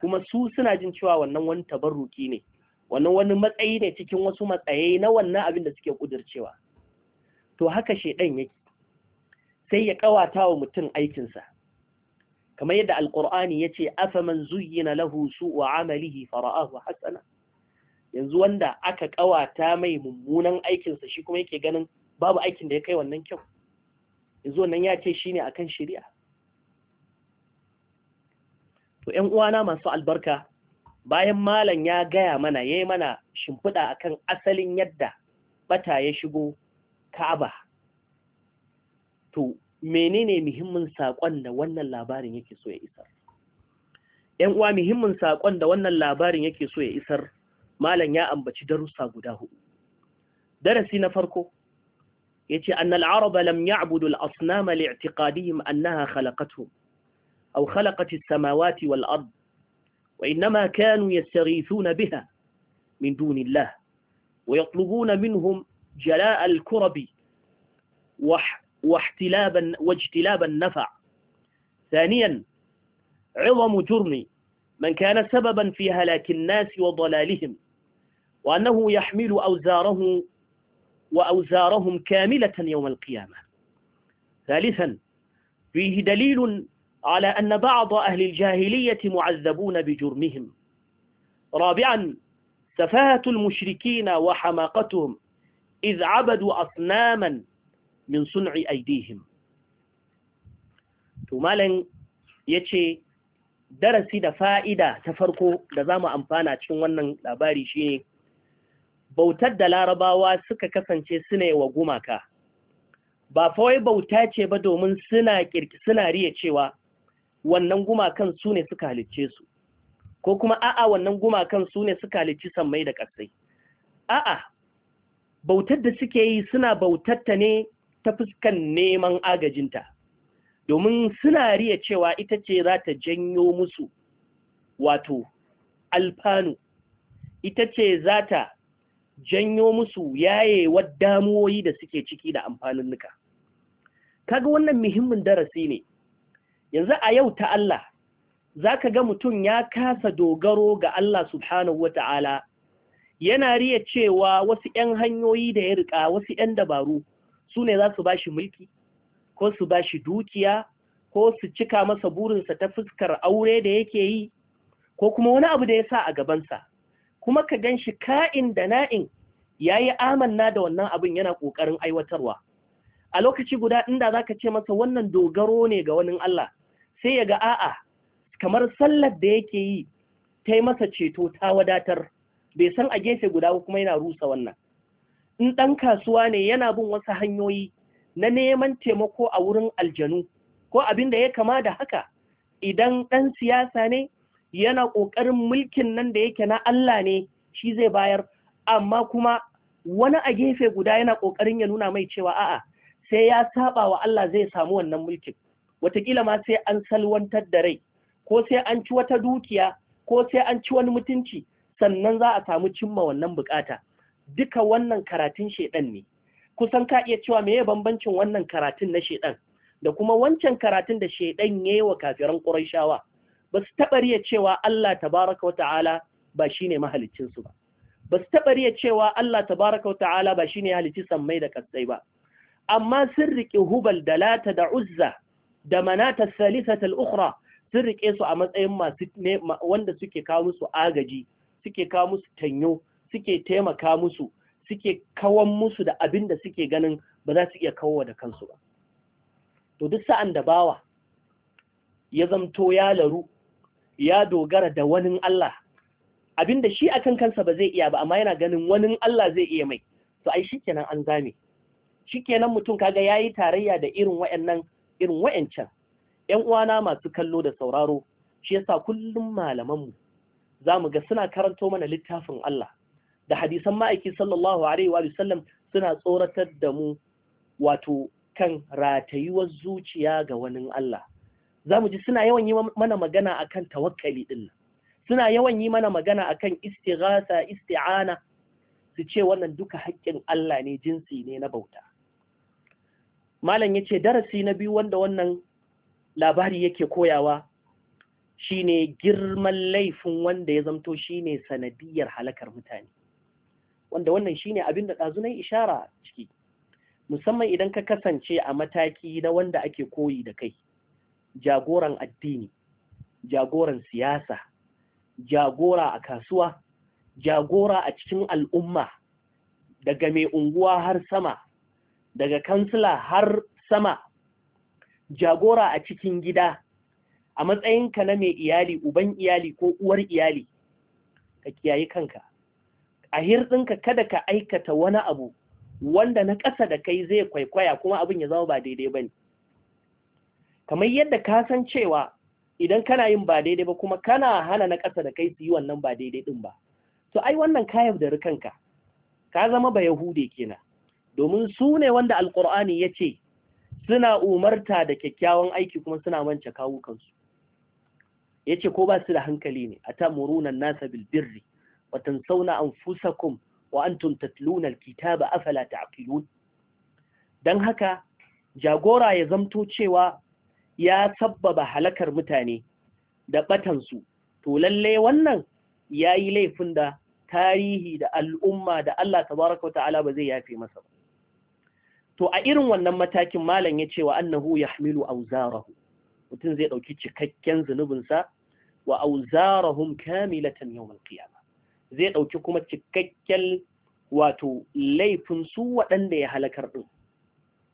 kuma su suna jin cewa wannan wani tabarruki ne wannan wani matsayi ne cikin wasu matsayi na wannan abin da suke kudircewa to haka shedan yake sai ya ƙawata wa mutum aikinsa kamar yadda alqur'ani yace afaman zuyyina lahu su'u amalihi fara'ahu hasana yanzu wanda aka kawata mai mummunan aikinsa shi kuma yake ganin babu aikin da ya kai wannan kyau yanzu wannan ya ce shine akan shari'a to uwana masu albarka bayan malam ya gaya mana yayi mana shimfiɗa akan asalin yadda bata ya shigo Ka'aba to menene muhimmin saƙon da wannan labarin yake so ya isar ‘yan uwa muhimmin saƙon da wannan labarin yake so ya isar malam ya ambaci darussa guda hudu darasi na farko yace annal araba lam ya'budu al-asnama li'tiqadihim annaha khalaqatuhum aw khalaqat as-samawati wal-ard wa inma kanu yastaghithuna biha min duni allah wa yatlubuna minhum jala' al-kurabi واحتلابا واجتلاب النفع ثانيا عظم جرم من كان سببا في هلاك الناس وضلالهم وأنه يحمل أوزاره وأوزارهم كاملة يوم القيامة ثالثا فيه دليل على أن بعض أهل الجاهلية معذبون بجرمهم رابعا سفاهة المشركين وحماقتهم إذ عبدوا أصناما من صنع أيديهم ثم ya ce darasi da fa'ida ta farko da za لاباري شيني bautar da larabawa suka kasance suna wa gumaka ba fawai bauta ce ba domin suna kirki suna riya cewa wannan gumakan su ne suka halicce su ko kuma a'a wannan gumakan su ne suka halicci sammai da ƙasai a'a bautar da suke yi suna bautar ta ne ta fuskan neman agajinta domin suna riya cewa ita ce za ta janyo musu wato alfanu ita ce za ta janyo musu yayewar damuwoyi da suke ciki da amfanin nuka kaga wannan muhimmin darasi ne yanzu a yau ta Allah za ka ga mutum ya kasa dogaro ga Allah subhanahu wa ta'ala, yana riya cewa wasu 'yan hanyoyi da ya rika wasu 'yan dabaru su ne za su ba shi mulki ko su ba shi dukiya ko su cika masa burinsa ta fuskar aure da yake yi ko kuma wani abu da ya sa a gabansa kuma ka gan shi ka'in da na'in ya yi amanna da wannan abin yana ƙoƙarin aiwatarwa a lokaci guda inda za ka ce masa wannan dogaro ne ga wani Allah sai ya ga a'a kamar sallar da yake yi ta yi masa ceto ta wadatar bai san a gefe guda kuma yana rusa wannan in ɗan kasuwa ne yana bin wasu hanyoyi na neman taimako a wurin aljanu ko abin da ya kama da haka idan ɗan siyasa ne yana ƙoƙarin mulkin nan da yake na Allah ne shi zai bayar amma kuma wani a gefe guda yana ƙoƙarin ya nuna mai cewa a'a sai ya saba wa Allah zai samu wannan mulkin Watakila ma sai an salwantar da rai ko sai an ci wata dukiya ko sai an ci wani mutunci sannan za a samu cimma wannan bukata duka wannan karatun shedan ne kusan ka iya cewa meye bambancin wannan karatun na shedan da kuma wancan karatun da shedan yayi wa kafiran Qurayshawa ba su taɓa riya cewa Allah tabaraka wata'ala ba shi ne mahalicinsu ba ba su taɓa riya cewa Allah tabaraka wata'ala ba shine ne halicci sammai da kasai ba amma sun riƙe hubal da lata da uzza da manata salisata al'ukra sun riƙe su a matsayin masu wanda suke kawo musu agaji suke kawo musu tanyo suke taimaka musu suke kawan musu da abin da suke ganin ba za su iya kawo da kansu ba to duk sa'an da bawa ya zamto ya laru ya dogara da wani Allah abinda shi akan kansa ba zai iya ba amma yana ganin wani Allah zai iya mai to ai shikenan an zame shikenan mutum kaga yayi tarayya da irin wayannan irin wayancan ƴan uwana masu kallo da sauraro shi yasa kullum malaman mu zamu ga suna karanto mana littafin Allah da hadisan ma'aiki sallallahu alaihi wa sallam suna tsoratar da mu wato kan ratayuwar zuciya ga wani Allah za mu ji suna yawan yi mana magana a kan tawakkali ɗin, suna yawan yi mana magana a kan istighasa, isti'ana su ce wannan duka haƙƙin Allah ne jinsi ne na bauta malam ya ce darasi na biyu wanda wannan labari yake koyawa shine girman laifin wanda ya zamto shine sanadiyar halakar mutane wanda wannan shine abin da ɗazu na ishara ciki musamman idan ka kasance a mataki na wanda ake koyi da kai jagoran addini jagoran siyasa jagora a kasuwa jagora a cikin al'umma daga mai unguwa har sama daga kansila har sama jagora a cikin gida a matsayinka na mai iyali uban iyali ko uwar iyali ka kiyaye kanka a hirɗinka kada ka aikata wani abu wanda na ƙasa da kai zai kwaikwaya kuma abin ya zama ba daidai ba ne kamar yadda ka san cewa idan kana yin ba daidai ba kuma kana hana na ƙasa da kai su yi wannan ba daidai din ba to ai wannan ka yaudari kanka ka zama ba yahude kenan domin su ne wanda alqur'ani ya ce suna umarta da kyakkyawan aiki kuma suna mance kawo kansu ya ce ko ba su da hankali ne a ta tamurunan nasa bilbirri watan Sauna tansauna anfusakum wa antum tatluna alkitaba afala ta'qilun Don haka jagora ya zamto cewa ya sabbaba halakar mutane da batansu to lalle wannan ya yi laifin da tarihi da al'umma da Allah tabaraka wata'ala ba zai yafe masa ba to a irin wannan matakin malam ya ce wa annahu yahmilu auzarahu mutum zai ɗauki cikakken zunubinsa wa auzarahum kamilatan Yau qiyamah zai ɗauki kuma cikakken wato laifin su waɗanda ya halakar ɗin,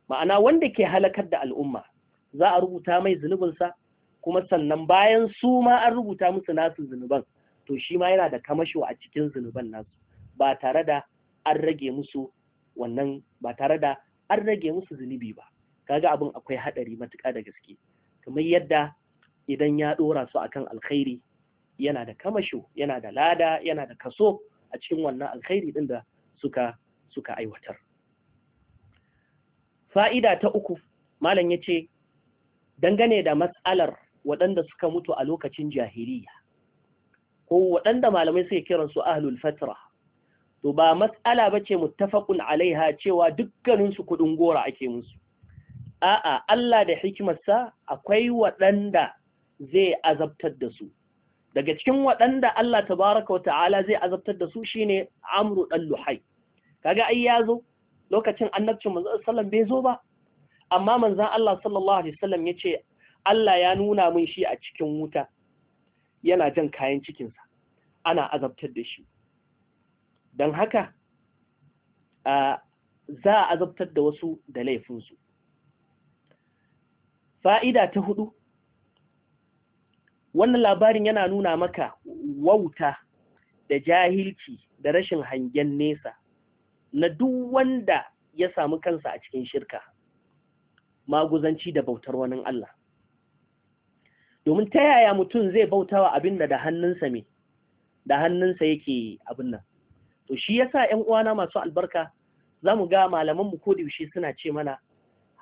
ma'ana wanda ke halakar da al'umma za a rubuta mai zunubinsa kuma sannan bayan su ma an rubuta musu nasu zunuban to shi ma yana da kamasho a cikin zunuban nasu ba tare da an rage musu wannan ba tare da an rage musu zunubi ba kaga abin akwai haɗari matuƙa da gaske kamar yadda idan ya ɗora su akan alkhairi yana da kamasho yana da lada yana da kaso a cikin wannan alkhairi ɗin da suka suka aiwatar fa'ida ta uku malam ya ce dangane da matsalar waɗanda suka mutu a lokacin jahiliya ko waɗanda malamai suke su ahlul fatra to ba matsala bace muttafaqun alaiha cewa dukkanin su kudin gora ake musu a'a Allah da hikimarsa akwai waɗanda zai azabtar da su daga cikin waɗanda Allah tabaraka Ta'ala zai azabtar da su shine Amru dan Luhai kaga ai yazo lokacin annabcin manzo sallallahu bai zo ba amma manzan Allah sallallahu Alaihi wasallam ya ce Allah ya nuna mun shi a cikin wuta yana jan kayan cikinsa ana azabtar da shi don haka za a azabtar da wasu da laifinsu fa'ida ta hudu wannan labarin yana nuna maka wauta da jahilci da rashin hangen nesa na duk wanda ya samu kansa a cikin shirka maguzanci da bautar wani Allah domin ta yaya mutum zai wa abin da da hannunsa mai, da hannunsa yake abin nan to shi yasa 'yan uwana masu albarka za mu ga malaman mu ko yaushe suna ce mana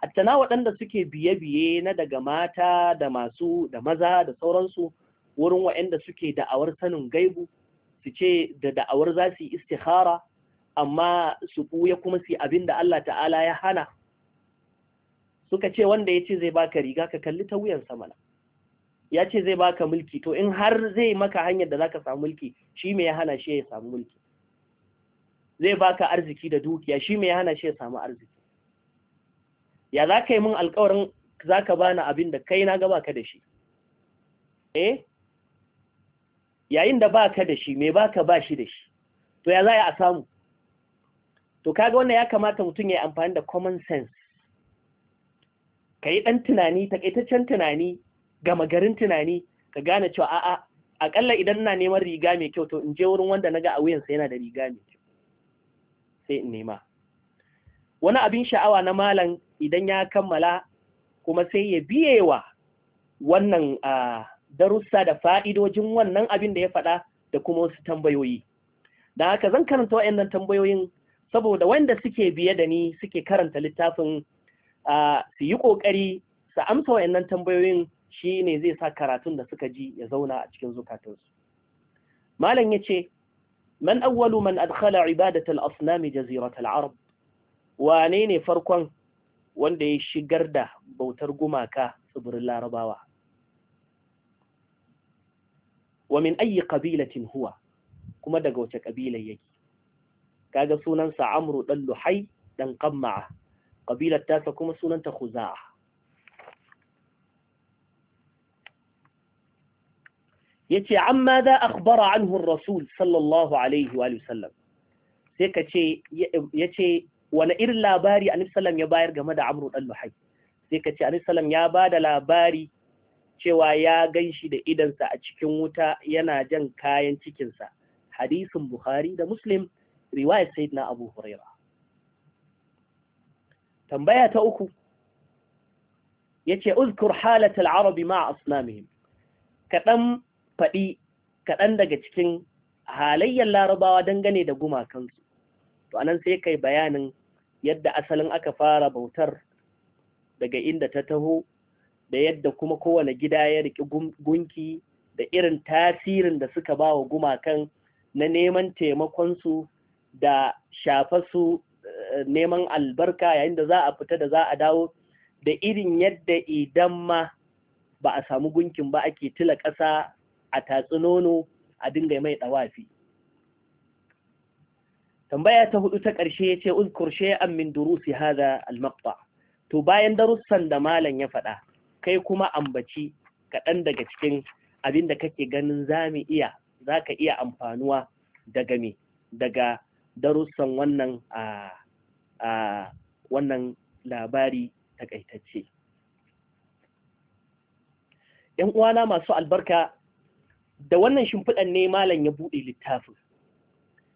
hatta na waɗanda suke biye-biye na daga mata da masu da maza da sauransu wurin waɗanda suke da'awar sanin gaibu su ce da da'awar za su yi istihara amma su ɓuya kuma su abin da Allah ta'ala ya hana suka ce wanda ya ce zai baka riga ka kalli ta wuyansa mana ya ce zai baka mulki to in har zai maka hanyar da za ka samu mulki shi mai ya hana shi ya samu mulki zai baka arziki da dukiya shi mai ya hana shi ya samu arziki ya za ka yi min alkawarin za ka bani abin da kai na gaba ka da shi eh yayin da ba ka da shi mai ba ka ba shi da shi to ya za a samu to kaga wannan ya kamata mutum ya yi amfani da common sense ka yi ɗan tunani takaitaccen tunani gama garin tunani ka gane cewa a'a akalla idan na neman riga mai kyau to in je wurin wanda na ga a wuyansa yana da riga mai kyau sai in nema wani abin sha'awa na malam idan ya kammala kuma sai ya biye wa wannan darussa da fa'idojin wannan abin da ya faɗa da kuma wasu tambayoyi da haka zan karanta waɗannan tambayoyin saboda wanda suke biye da ni suke karanta littafin su yi ƙoƙari su amsa wayannan tambayoyin shi ne zai sa karatun da suka ji ya zauna a cikin zukatunsu. malam ya ce man awwalu man adkhala ibadat al-asnam jazirat al-arab wane ne farkon wanda ya shigar da bautar gumaka tsibirin larabawa wa min ayi qabilatin huwa kuma daga wace kabila yake kaga sunansa amru dan luhai dan qamma'a ƙabilar tasa kuma sunanta Khuza'a yace amma za akhbara anhu rasul sallallahu alaihi wa sallam sai ka ce wani irin labari annabi ya bayar game da Amr ɗan luhai sai ka ce annabi sallam ya da labari cewa ya gaishi da idansa a cikin wuta yana jan kayan cikinsa hadisin Bukhari da Muslim riwayat Sayyidina Abu Huraira. tambaya ta uku yace uzkur halatal arabi ma asnamihim Kaɗan faɗi, kaɗan daga cikin halayyar larabawa dangane da gumakansu to anan sai kai bayanin yadda asalin aka fara bautar daga inda ta taho da yadda kuma kowane gida ya riki gunki da irin tasirin da suka bawa gumakan na neman taimakonsu da shafa su. neman albarka yayin da za a fita da za a dawo da irin yadda idan ma ba a samu gunkin ba ake tila ƙasa a tatsi nono a dinga mai ɗawafi. Tambaya ta hudu ta ƙarshe ya ce, Uzkur an min durusi haza almaqta. To bayan darussan da malam ya faɗa, kai kuma ambaci kaɗan daga cikin abin da kake ganin za mu iya, za ka iya amfanuwa daga me, daga darussan wannan a ah, a wannan labari takaitacce ‘yan uwana masu albarka da wannan shimfiɗan ne malam ya buɗe littafin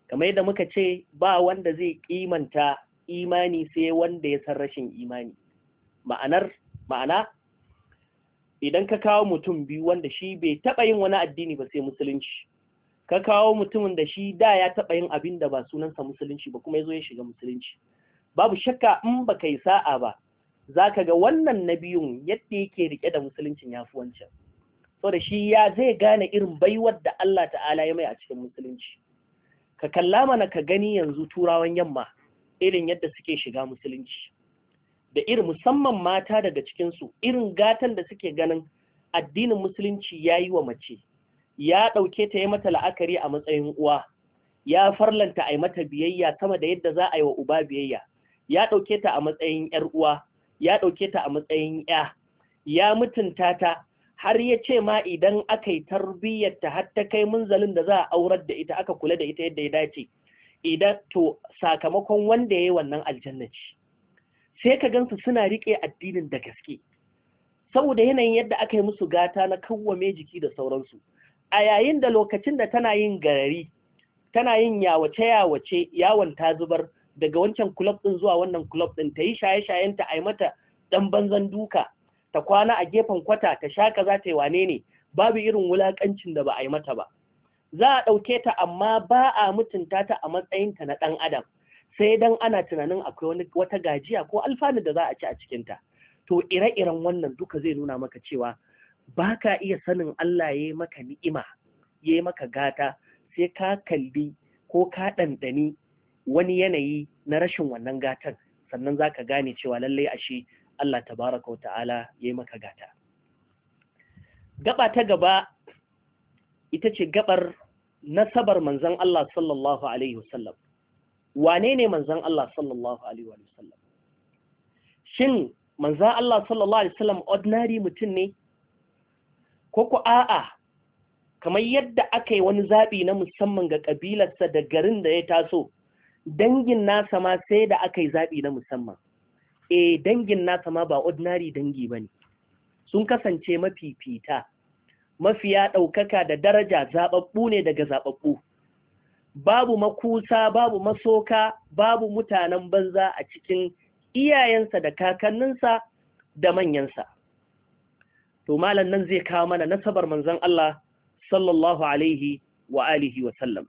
kamar yadda muka ce ba wanda zai kimanta imani sai wanda ya san rashin imani ma'anar ma'ana idan ka kawo mutum biyu wanda shi bai taɓa yin wani addini ba sai musulunci ka kawo mutumin da shi da ya taɓa yin abin da ba sunansa musulunci ba kuma ya zo ya shiga musulunci babu shakka in ba kai sa'a ba za ka ga wannan na biyun yadda yake rike da musuluncin ya fi wancan so da shi ya zai gane irin baiwar da Allah ta'ala ya mai a cikin musulunci ka kalla mana ka gani yanzu turawan yamma irin yadda suke shiga musulunci da irin musamman mata daga cikinsu irin gatan da suke ganin addinin musulunci ya yi wa mace ya ɗauke ta yi mata la'akari a matsayin uwa ya farlanta a yi mata biyayya sama da yadda za a yi wa uba biyayya ya ɗauke ta a matsayin ‘yar uwa, ya ɗauke ta a matsayin ‘ya, ya mutunta ta, har ya ce ma idan aka yi tarbiyyarta har ta kai munzalin da za a aurar da ita aka kula da ita yadda ya dace, idan to sakamakon wanda ya yi wannan aljanna ce. Sai ka gansu suna riƙe addinin da gaske, saboda yanayin yadda aka yi musu gata na kawwame jiki da sauransu. A yayin da lokacin da tana yin garari, tana yin yawace-yawace, yawon ta zubar, daga wancan club din zuwa wannan club din ta yi shaye shayen ta mata dan banzan duka ta kwana a gefen kwata ta sha kaza ta yi wane ne babu irin wulakancin da ba a yi mata ba za a ɗauke ta amma ba a mutunta ta a matsayinta na ɗan adam sai dan ana tunanin akwai wani wata gajiya ko alfanu da za a ci a cikinta to ire-iren wannan duka zai nuna maka cewa ba ka iya sanin Allah ya yi maka ni'ima ya yi maka gata sai ka kalli ko ka ɗanɗani wani yanayi na rashin wannan gatan sannan za ka gane cewa lallai ashe Allah tabaraka wa ta'ala ya yi maka gata gaba ta gaba ita ce gabar nasabar manzan Allah sallallahu alaihi wasallam wane ne manzan Allah sallallahu alaihi wasallam shin manzan Allah sallallahu alaihi wasallam ordinary mutum ne ko ku a'a kamar yadda aka yi wani zaɓi na musamman ga ƙabilarsa da garin da ya taso dangin nasa ma sai da aka yi zaɓi na musamman e dangin nasa ma ba ordinary dangi ba ne sun kasance mafifita mafiya ɗaukaka da daraja zaɓaɓɓu ne daga zaɓaɓɓu babu makusa babu masoka babu mutanen banza a cikin iyayensa da kakanninsa da manyansa to malam nan zai kawo mana nasabar manzon Allah sallallahu alaihi wa alihi wa sallam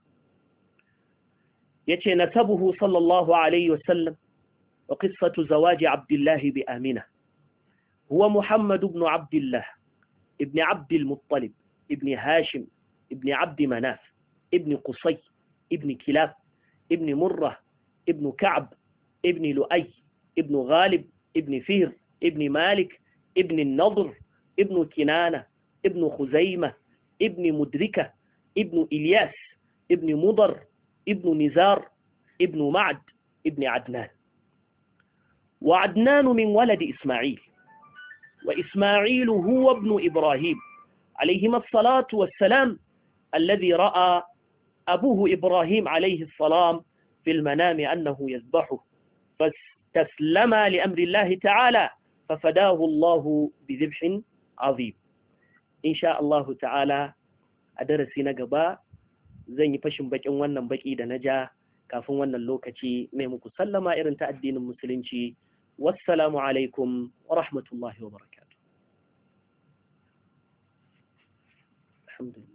يتي نسبه صلى الله عليه وسلم وقصة زواج عبد الله بآمنة هو محمد بن عبد الله ابن عبد المطلب ابن هاشم ابن عبد مناف ابن قصي ابن كلاب ابن مرة ابن كعب ابن لؤي ابن غالب ابن فير ابن مالك ابن النضر ابن كنانة ابن خزيمة ابن مدركة ابن إلياس ابن مضر ابن نزار ابن معد ابن عدنان وعدنان من ولد إسماعيل وإسماعيل هو ابن إبراهيم عليهما الصلاة والسلام الذي رأى أبوه إبراهيم عليه السلام في المنام أنه يذبحه فاستسلم لأمر الله تعالى ففداه الله بذبح عظيم إن شاء الله تعالى أدرسنا قباء zan yi fashin bakin wannan baki da na ja kafin wannan lokaci mai muku sallama irin ta addinin musulunci wassalamu alaikum wa rahmatullahi wa barakatuh alhamdulillah